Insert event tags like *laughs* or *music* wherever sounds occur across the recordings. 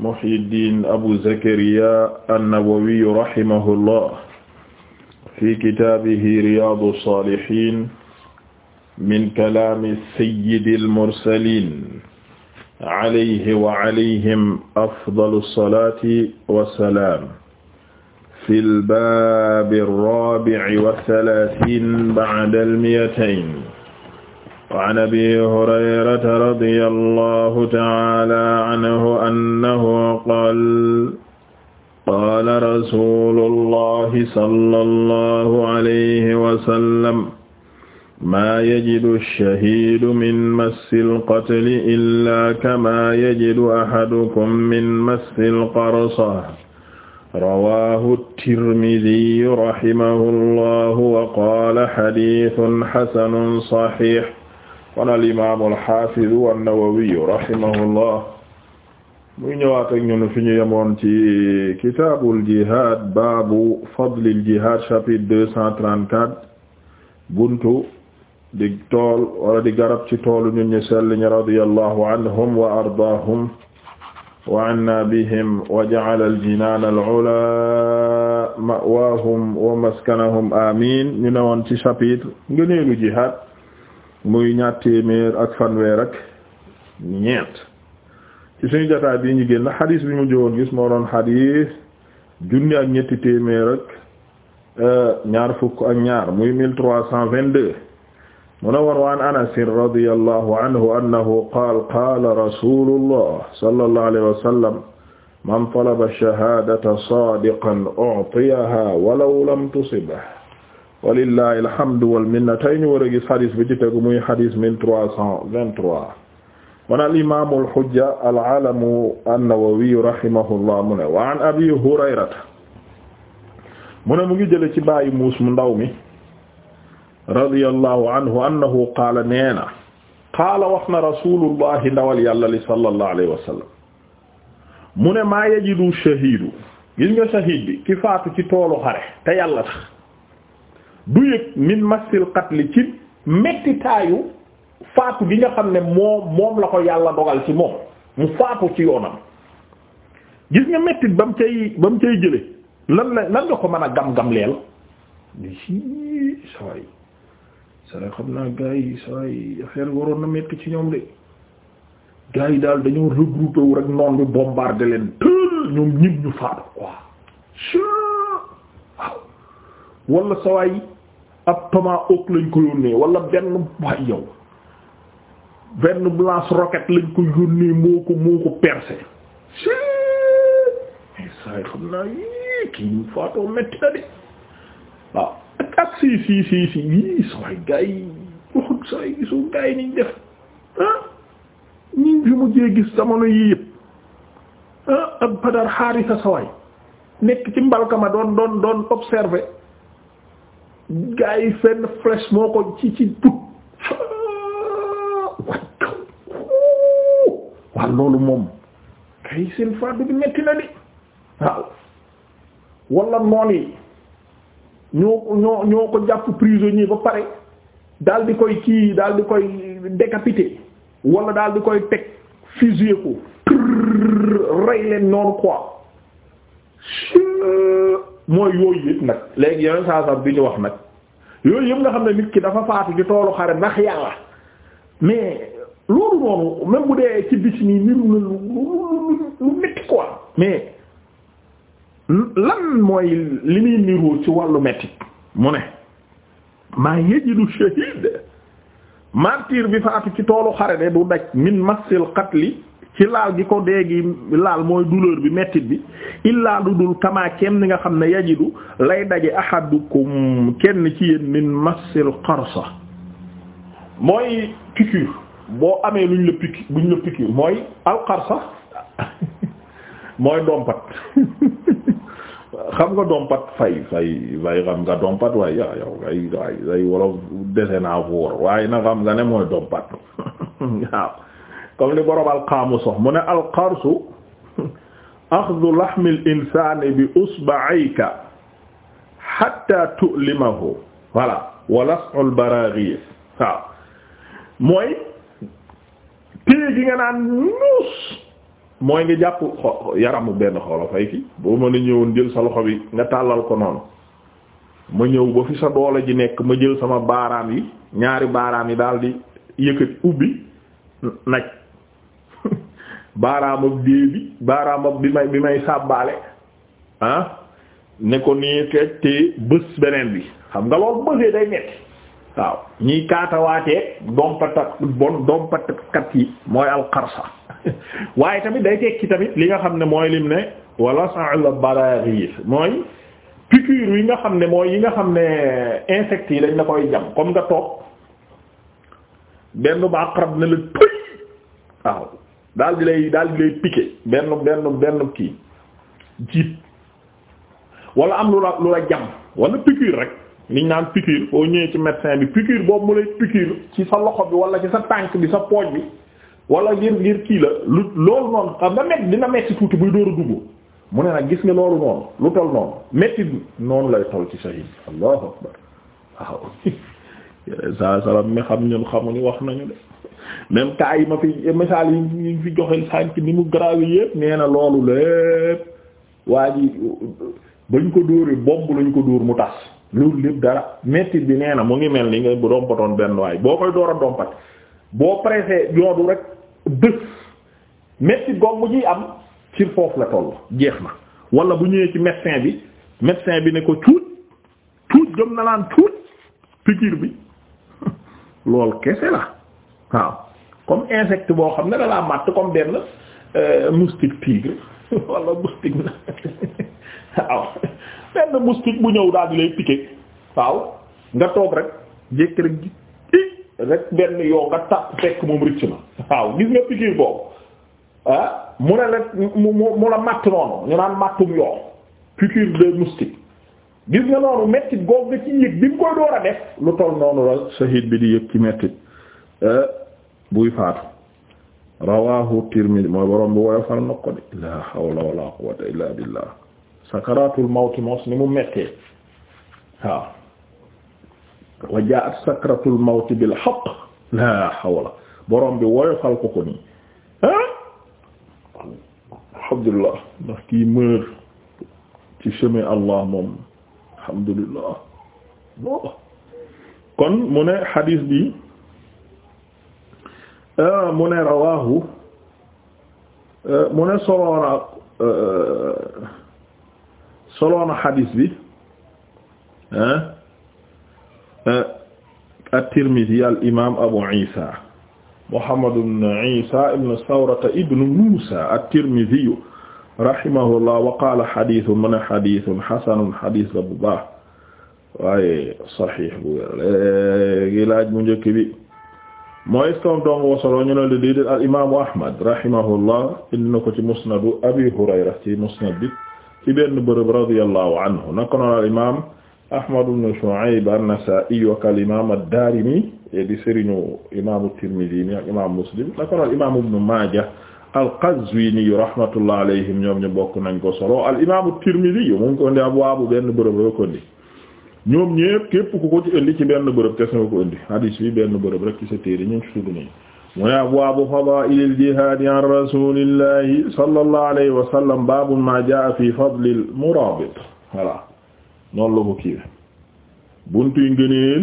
Muhyiddin Abu Zakariya an-Nawawi rahimahullah fi kitaabihi Riyaadu Saalihiin min kalaami sayyidil mursaliin alayhi wa alayhim afdalu salaati wa salaam fil baabi raabi'i wa salaatiin ba'dal miyatayn وعن أبي هريرة رضي الله تعالى عنه أنه قال قال رسول الله صلى الله عليه وسلم ما يجد الشهيد من مس القتل إلا كما يجد أحدكم من مس القرصة رواه الترمذي رحمه الله وقال حديث حسن صحيح kon al imaamu alxafidu annawawiyu rahimahullah muy ñëwaat ak ñun fi ñu yemoon ci kitaabul jihad baabu fadlil jihad chapitre deux cent trente-quatre buntu di tool wala di garab ci toolu ñun ñu sell ñi radiyallahu anhum wa ardaahum wa anna bihim wa ja'ala al-jinaan al-'ulaa ma'waahum wa maskanahum amiin ñu newoon ci chapitre ngëneelu jihad muy ñaar téeméer ak fanweer ak ñeent ci suñu jotaay bii ñu génn xadiis bi mu jëwoon gis moo doon xadiis junni ak ñetti téeméer ak euh, ñaar fukk ak muy mille trois cent vingt-deux mu ne Anas radiyallahu anhu annahu qaal qaala rasulullah sallallahu alayhi wa sallam man talaba ash-shahadata sadiqan u'tiyaha walaw lam tusibhu walillahi alhamdu wal minna tey ñu war a gis xadis bi ci tegu muy xadis mille trois cent vingt-trois man al imaamu al hujja al alamu an-Nawawi rahimahullah mu ne wa an abi hurayrata mu ne mu ngi jële ci bàyyi muus mu ndaw mi radiyallahu anhu annahu qaala nee na qaala wax na rasulullahi ndawal yàlla li sallallahu alayhi wa sallam mu ne maa yajidu shahiidu gis nga shahiid bi ki faatu ci toolu xare te yàlla tax du yëg min massil qatli ci mettitaayu faatu gi nga xam ne moom moom la ko yàlla dogal ci moom mu faatu ci yoonam gis nga mettit ba mu cay ba mu cay jële lan la nga ko mën a gam-gam leel si sawaay sawaay xam naa gars sawaay affaire waroon na metti ci ñoom de gars daal dañoo regroupé wu rek noon bi bombardé leen tël ñoom ñib ñu faatu quoi waaw sawaay ab toma ok lañ ko yónnee wala benn waay yow benn lance roquette lañ ko yónnee moo ko moo ko percé saay xam naa yi kii ñu faatoo métti na de waaw ak ak si si si si yii saay gars yi waxut saay gisu gars yi niñ def ah ñi fi mujjee gis jamono yii yëpp ah ak Badar Harisa sawaay nekk ci mbalkama doon doon doon observé gaa yi fenn flèche moo ko ci ci put waaw loolu moom kay seen fàddu bi metti na di waaw wala noon yi ñoo ñoo ñoo ko jàpp prisonnier ba pare daal di koy kii daal di koy décapité wala daal di koy teg fusillé ko rey leen noonu quoi mooy yooyu it nag léegi yeneen saa sax bi ñu wax nag yooyu yëpp nga xam ne nit ki dafa faatu ci toolu xare ndax yàlla mais loolu noonu même bu dee ci bis nii niru lu lu lu métti quoi mais lan mooy li muy niru ci wàllu métti mu ne maa yajidu shahid martyr bi faatu ci toolu xare de du daj min massil li ci laal gi ko déegi laal mooy douleur bi mettit bi illaa lu dul kamaa kenn ni nga xam ne yajidu lay daje ahadukum kenn ci yéen min massil qarsa mooy piqûre boo amee luñ la la piqûre mooy al qarsa *laughs* mooy dompat *laughs* xam nga dompat fay fay fay xam nga dompat waaye yaa yow ay ay wolof waaye na xam nga ne mooy dompat *laughs* waaw comme li borom alqaamus wax mu ne alqarsu *laughs* axdu laxmi bi usbaayka xatta tu'limahu waaw mooy téye gi nga naan nuus mooy nga jàpp xo yaramu benn xoola boo mën a ñëwoon jël sa loxo bi nga tàllal ko noonu ma ñëw ba fi sa doole ji nekk ma jël sama baaraam yi ñaari baaraam yi daal di yëkkati ubbi naj baaraam ak dée bi may bi may sàbbaale ah ne ko nii te te bës beneen bi xam nga loolu bësee day metti waaw ñiy kaatawaatee dompata bon dompatakat yi mooy alxarsa *laughs* waaye tamit day tekki tamit li nga xam ne mooy lim ne wala sa'il baraghis mooy piqûre yi nga xam ne mooy yi nga xam ne insectes yi dañ la koy jam comme nga toog benn ba aqrab ne la tuy waaw daal di lay daal di lay piqué benn benn benn kii jiit wala am lu la lu la jam wala piqûre rek liñ naan piqûre boo ñëwee ci médecin bi piqûre boobu mu lay piqûre ci sa loxo bi wala ci sa tànk bi sa pooj bi wala ngir ngir kii la lu loolu noonu xam nga métti dina métti tuuti buy door a dugg mu ne nag gis nga loolu noonu lu tol noonu métti noonu lay tol ci shahid allahu akbar waaw *laughs* saa salaam mi xam ñun xamuñu wax nañu de même cas yi ma fi misaal yi ñu fi joxel sànk ni mu grave yépp nee na loolu lépp waa ji bañ ko dóoree bomb lañ ko dóor mu tas loolu lépp dara mettit bi nee na mu ngi mel ni nga dompatoon benn waay boo koy door a dompat boo pressé yoodu rek bés mettit goog mu am ci foofu la toll jeex na walla bu ñëwee ci médecin bi médecin bi ne ko cuut cuut jëm na laan cuut piqûre bi *laughs* loolu kese la waaw comme insecte boo xam ne da laa màtt comme benn euh, moustique tigre *laughs* wala moustique na *laughs* waaw benn moustique bu ñëw daal di lay piqué waaw nga toog rek jékki benn yoo nga tàpp gis nga piqûre boobu ah, mu ne rek mu mu la matt noonu ñu naan mattum yoo piqûre de moustique gis nga noonu mettit goog nga ci yëg bi mu koy door a def lu toll noonu la sahid bi di yëpp ci mettit euh, buy faatu rawahu Tirmidhi mooy borom bi wooyo fal na la hawla wala quwwata illa billah sakaratul mawti mos ni mu mettee waaw wa jaat sakratul bil haqq la hawla borom bi wooyo fal ko alhamdulillah ndax kii meur ci chemin Allah moom alhamdulillah kon mu ne hadis Euh, mu ne rawaahu euh, mu ne soloona euh, soloona xadiis bi at-Tirmidhi al imaam Abu Isa Muhammad ibn Isa ibn Sawrata ibn Musa at-Tirmidhi rahimahullah wa qaala xadiisun mu ne xadiisun xasanun xadiis la bu baax waaye saxiix bu wér léegi laaj mu njëkk bi mooy est-ce que moom dong wasaloo ñu ne la déedéet al imaamu Ahmad rahimahullah indi na ko ci musnadu Abi Hurayra ci musnad bi ci benn bërëb radiyallahu anhu naka noonu al imaam Ahmad ibn Shu'ayb an-Nasa'i wa kal imaam ad-Daarimi di sëriñu imaamu Tirmidhi mi ak imaamu Muslim naka noonu al imaamu Ibn Maaja al-Qazwini rahmatullah alayhim ñoom ñu bokk nañ ko solo al imaamu Tirmidhi mu ngi ko indi abwaabu benn bërëb la ko indi ñoom ñépp képp ku ko ci indi ci benn bërëb kes nga ko indi hadis bi benn bërëb rek sa téere ñu ngi ci tudd nii mu ne abwaabu fadaa'ilil jihaadi an rasuulillahi sallallahu ko kii buntuy ngëneel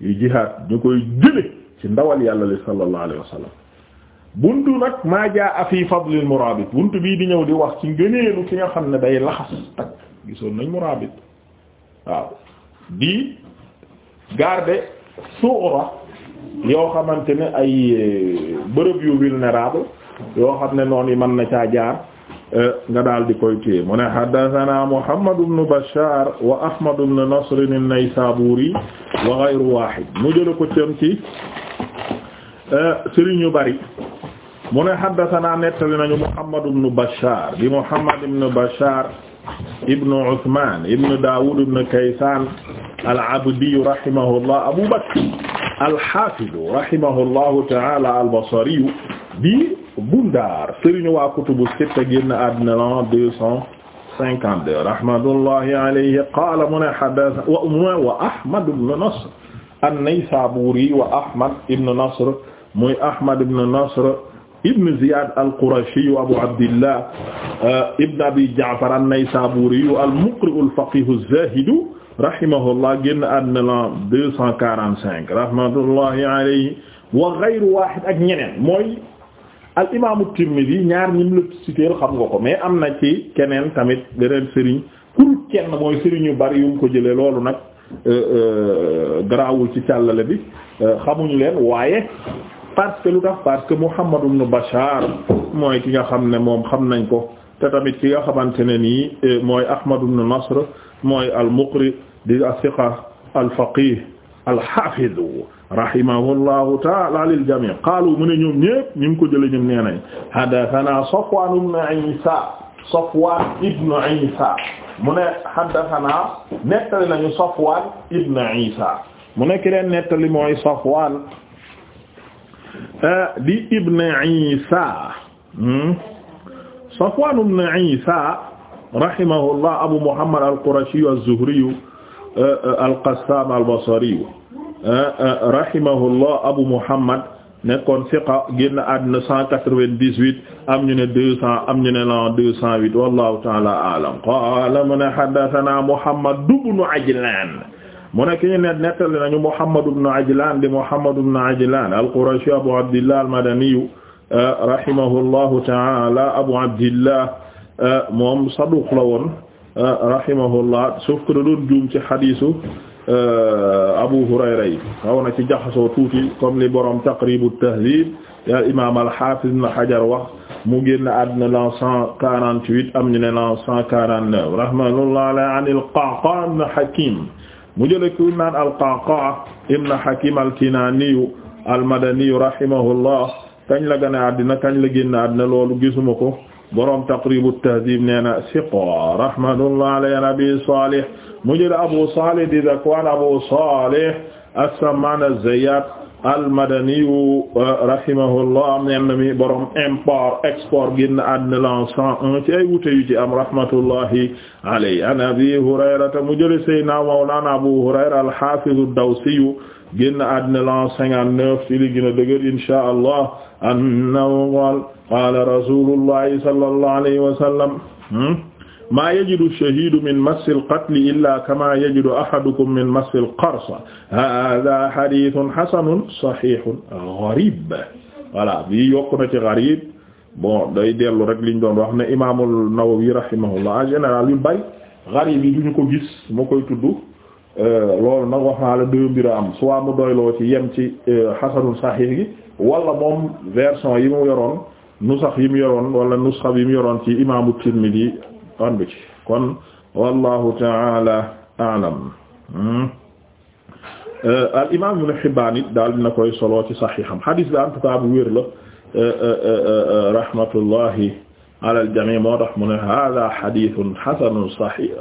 yu jihaad ñu koy jële ci ndawal yàlla li sallallahu alayhi wa nag maa jaa'a fi fadlil muraabit buntu bii di ñëw di wax ci ki nga xam ne day laxas takk gisoon nañ muraabit waaw di garder suura yoo xamante ne ay euh, bërëb yu vulnérable yoo xam ne noon yi mën na caa jaar euh, nga daal di koy téye mu ne haddathana Muhammad ibn Bashar wa Ahmad ibn Nasr an-Naysaburi wa ghayru wahid mu jëla ko cëm ci euh, sëriñ ñu bari mu ne haddathana nettali nañu Muhammad ibn Bashar di Muhammad ibn Bashar ibnu Usmaan ibnu Daawud ibnu Kaysaan al-Abdi rahimahullah Abu Bakr al-Haafiz rahimahullahu ta'ala al-Basri bi Bundaar sëriñu waa kutubu sitta génn àddina la deux cent cinquante-deux rahmatullahi alayhi qaala mu ne haddathanaa wa wa Ahmad ibnu Nasr an-Naysaabuuri wa Ahmad ibnu Nasr muy Ahmad ibnu Nasr ibn Ziyad al-Qurashi Abu Abdillah uh, ibn Abi Ja'far an-Naysaburi al-muqri al-faqih az-zahid rahimahullah génn àddina la 245 rahmatullahi alayhi wa ghayru wahid ak ñeneen mooy al-imam at-Tirmidhi ñaar ñim la cité xam nga ko mais am na ci keneen tamit beneen sëriñ pour kenn mooy sëriñ yu bari yu mu ko jëlee loolu nag uh, uh, garaawul ci càllale bi xamuñu leen waaye parce que lu tax parce que Muhammad ibn Bashar mooy ki nga xam ne moom xam nañ ko te tamit ki nga xamante ne nii eh, mooy Ahmad ibn Nasr mooy al-Muqri di as-siqa al-faqih al-hafiz rahimahullahu ta'ala lil jami' qaalu mu ne ñoom ñépp ñu ngi ko jëlee ñoom nee nañ haddathana Safwan ibn Isa Safwan ibn Isa mu ne haddathana nettali nañu Safwan ibn Isa mu ne ki leen nettali mooy Safwan Eh, di ibn Isa hmm? Safwan ibn Isa rahimahullah Abu Muhammad al-Qurashi az-Zuhri eh, eh, al-Qassam al-Basri rahimahullah Abu Muhammad nekkoon siqa génn àddina cent quatre-vingt-dix-huit am ñu ne deux cent am ñu ne lan deux cent huit wallahu ta'ala a'lam qala man haddathana Muhammad ibn Ajlan mu ne ki ñu ne nettali nañu Muhammad ibn Ajlan di Muhammad ibn Ajlan al-Qurashi Abu Abdillah al-Madani eh, rahimahullahu ta'ala Abu Abdillah eh, moom saduq la woon eh, rahimahullah sauf que da doon juum ci xadiisu Abu Hurayra yi xaw na ci jaxasoo tuuti comme li borom Taqrib at-Tahdhib ya imaam al-Hafiz Ibn Hajar wax mu génn àdduna l'an cent quarante-huit am ñu ne l'an cent quarante-neuf rahimahullah an al-Qa'qa' ibn Hakim mu jële ku naan al-Qa'qa' ibn Hakim al-Kinani al-Madani rahimahullah kañ la gane àddina kañ la génn àddina loolu gisuma ko borom Taqrib at-Tahdhib nee na siqa rahmatullah alayhi an Abi Salih mu jële Abu Salih di Zakwan Abu Salih as-Samman az-Zayyat almadaniyu euh, rahimahullah am na mi borom import export génn àddina lan cent un ci ay wute yu ci am rahmatullahi alayhi an abi hurayrata mu jële sayna mawlana abu hurayra alhafizu dawsiyu génn àddina lan cinquante-neuf ci li gën a dëgër inshaa allah annahu qaala qaala rasulullahi sallallahu alayhi wa sallam hmm? maa yajidu shahiidu min massil qatli illaa kamaa yajidu ahadukum min massil qarsa haadaa hadiisun hasanun sahiihun gariib voilà bii yokk na ci gariib bon day dellu rek liñ doon wax ne imaamul Nawawi rahimahullah en général yu bari gariib yi duñu ko gis mu koy tudd euh, loolu nag wax naa la deux mbir am soit mu doyloo ci yem ci euh, hasanun sahiih gi wala moom version yi mu yoroon nusax yi mu yoroon wala nusxa yi mu yoroon ci imaamu Tirmidi andu ci kon wallahu taala aalam hmm? euh, al imam ibn Hibbaan it daal dina koy solo ci saxiixam xadis bi en tout cas bu wér la euh, euh, rahmatullahi ala al jamii moo tax mu ne haaza xadiisun xasanun saxiix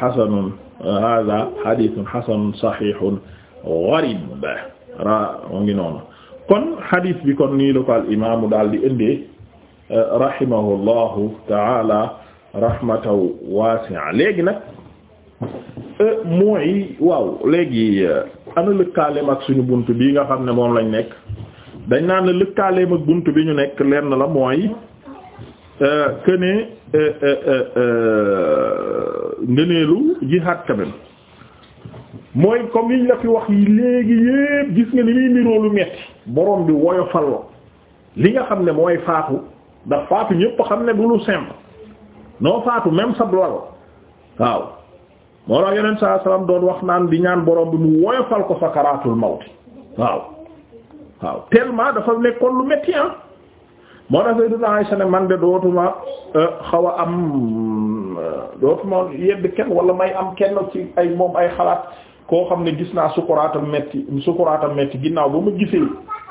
xasanun haaza xadiisun xasanun saxiixun gariib ra mu ngi noonu kon xadis bi kon nii la ko al imaamu daal di indee rahimahullahu taala rahmatan wasi'a léegi nag euh, mooy waaw léegi euh, ana lëkkaaleem ak suñu bunt bii nga xam ne moom lañ nekk dañ naan lëkkaaleem ak bunt bi ñu nekk lenn la mooy euh, que ne ngëneelu jihaad quand mooy comme yiñ la fi wax yi léegi yépp gis nga ni muy niroo lu metti borom bi woyofal li nga xam ne mooy faatu ndax faatu ñëpp xam ne du lu simple noo faatu même sa lal waaw moo tax yeneen saa salaam doon wax naan di ñaan borom bi mu woyofal ko sakaraatul mawti waaw waaw tellement dafa nekkoon lu métti ah moo tax Sayyidatu Aisha ne euh, xaw a am euh, dootuma yedd kenn wala may kenn ci ay moom ay xalaat koo xam ne gis naa sukuraatam metti sukuraatam métti ginnaaw ba ma gisee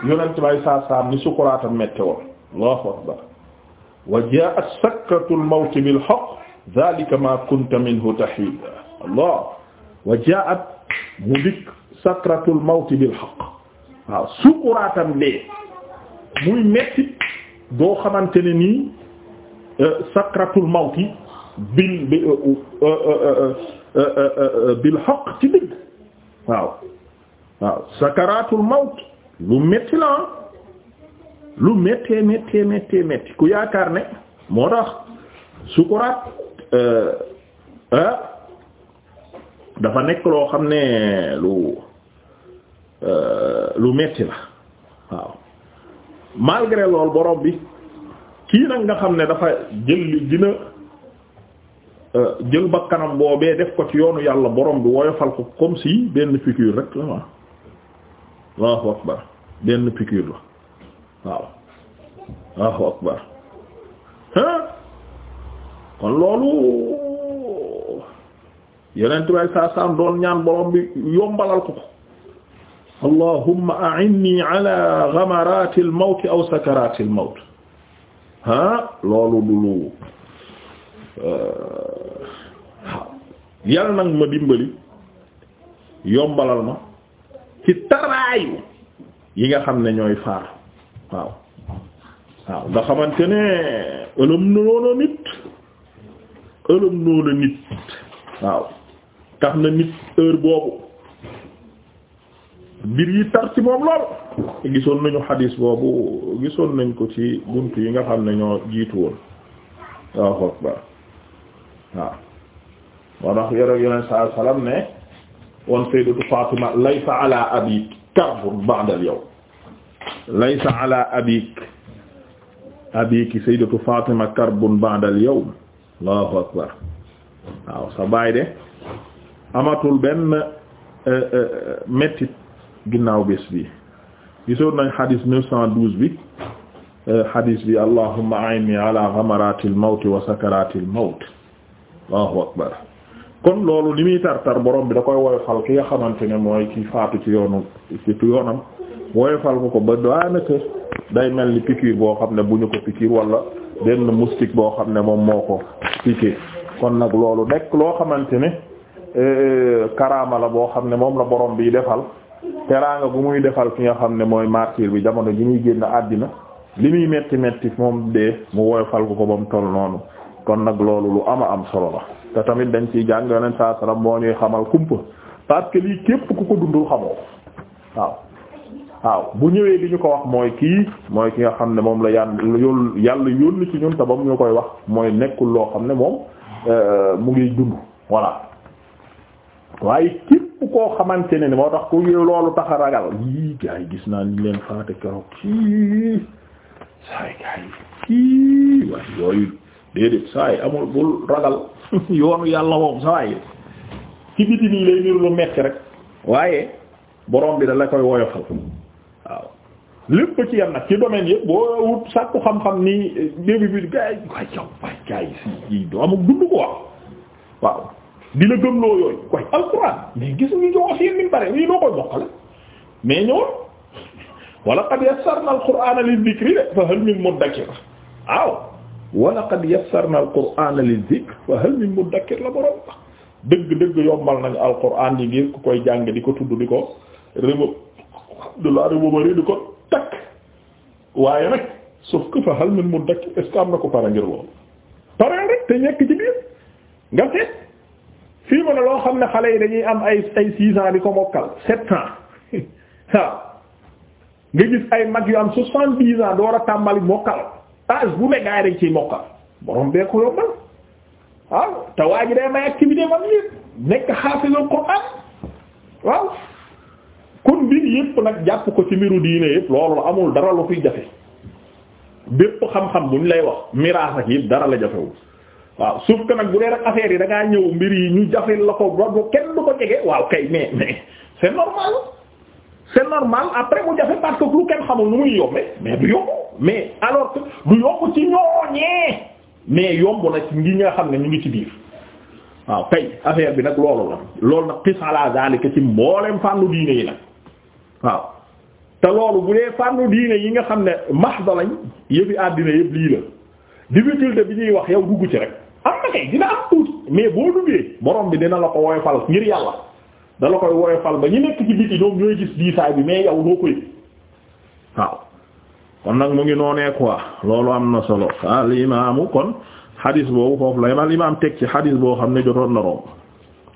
yonent bay saa saa ni sukuraatam métti woon Allahu akbar wa jaa'at sakratul mawti bil haqq zaalika maa kunta minhu tahiid Allah wa jaa'at mu dikk sakratul mawti bil haqq waaw sukuraatam dee muy metti doo xamante ne nii euh, sakratul mawti bil euh, euh, bil haqq ci dëgg waaw waaw sakaraatul mawt lu metti la lu méttee méttee méttee métti ku yaakaar ne moo tax sukuraat euh, dafa nekk loo xam ne lu euh, lu metti la waaw malgré lool borom bi kii nag nga xam ne dafa jël li dina euh, jël bakkanam boobee def ko ci yoonu yàlla borom bi woyofal ko comme si benn piqûre rek la waaw Allahu akbar benn piqûre la waaw waaw akbar kon loolu yeneen tubaab saa doon ñaan borom bi yombalal ko ko allahumma a'inni ala ghamarati al aw sakarati al-mawt ah loolu du euh, yal nag ma dimbali yombalal ma ci taraayu yi nga xam ne ñooy faar waaw waaw nga xamante ne ëlëm noonu nit ëlëm noonu nit waaw tax na nit heure boobu mbir yi tar ci moom lool gisoon nañu xadiis boobu gisoon nañ ko ci bunt yi nga xam ne ñoo jiitu woon waaw xoog ba waaw moo tax yore yoneen saa salaam ne woon sayyidatu Fatima laysa ala abi karbun ba'da al-yawm laysa ala abik abiki sayyidatu Fatima karbun ba'da al-yawm allahu akbar waaw amatul benn euh, euh, mettit ginnaaw bés bi gisoon nañ xadis neuf cent douze bi euh, xadis bi allahumma a'inni ala ghamaratil mawt wa sakaratil mawt allahu akbar kon loolu li muy tar borom bi da koy woyofal ki nga xamante ne mooy ki faatu ci yoonu woyofal ko ko ba daanaka day mel ni piqûre boo xam ne bu ñu ko piqûre wala benn moustique boo xam ne moom moo ko piqué kon nag loolu nekk loo xamante ne euh, karaama la boo xam ne moom la borom bi defal teraanga bu muy defal ki nga xam ne mooy martyr bi jamono ji muy génn àddina li muy metti metti moom dee mu woyofal ko ko ba mu toll noonu kon nag loolu lu ama am solo la te tamit dañ ci jàng yoneen saa salaam moo ñuy xamal kumpa parce que lii képp ku ko waaw bu ñëwee di ñu ko wax mooy kii mooy ki nga xam ne moom la yàlla yàlla yónni ci ñun te ba mu ñu koy wax mooy nekkul loo xam ne moom euh, mu ngi dund voilà waaye képp koo xamante ne ni moo tax ku loolu tax ragal yii gars yi gis naa ni leen faate keroog kii saa yi gars yi kii waaye yooyu déedéet saa yi amul bul ragal *laughs* yoonu yàlla moom saa yi ci biti nii lay niru lu metti rek waaye borom bi da la koy woyofal waaw lépp ci yam nag ci domaine yëpp boo wut sàkku xam-xam ni début bi gars yi waaye yow waaye gars yi si yi doo amul dund ko wax waaw di la gëmloo yooyu waaye alxuraan mais gis ñu jox yéen ni mu bare lii doo koy bokkale mais ñoom wala qad yassarna alqur'ana lidhikri fa hal min mudakkir waaw wala qad fa hal min la borom dëgg dëgg yombal nañu alqur'an yi ngir ku koy jàng di ko tudd di ko rëbb. Abdullah ibn Ubayr ko takk waaye nag sauf que fa hal min muddakir est-ce am na ko pare ngir loolu pare rek te nekk ci biir nga seet fii ma ne loo xam ne xale yi dañuy am ay ay six ans ko mokkal sept ans *laughs* nga gis ay mag yu am soixante-dix ans door a tàmbali mokkal âge bu ne gaa yi mokkal borom bee ko yombal waaw day may activité man nit nekk xaafisul Qur'an waaw kon mbir yépp nag jàpp ko ci mbiru diine yépp loolu amul dara lu fiy jafe bépp xam-xam bu ñu lay wax miraas ak dara la jafewul waaw sauf que nag bu dee rek affaire yi da ñëw mbir yi ñu jafe la ko ba kenn du ko jege waaw kay mais *laughs* mais c'est normal c'est normal après mu jafe parce que lu kenn xamul nu muy yombe mais du yomb mais alors que du yomb ci ñooñee mais yomb na ci ngi nga xam ne ñu ngi ci biir waaw kay affaire bi nag loolu la loolu nag qis ala zalika ci mboolem waaw te loolu bu dee fànnu diine yi nga xam ne mahda lañ yëpp àddina yëpp lii la difficulté bi ñuy wax yow dugg ci rek am na kay dina am tuuti mais boo duggee borom bi dina la ko woyofal ngir yàlla da koy koy woyofal ba ñu nekk ci biti ñoom ñooy gis diisaay bi mais yow doo koy waaw kon nag mu ngi noonee waa loolu am na solo al imaamu kon xadis boobu foofu la al imaam teg ci xadis boo xam ne jotoon na romb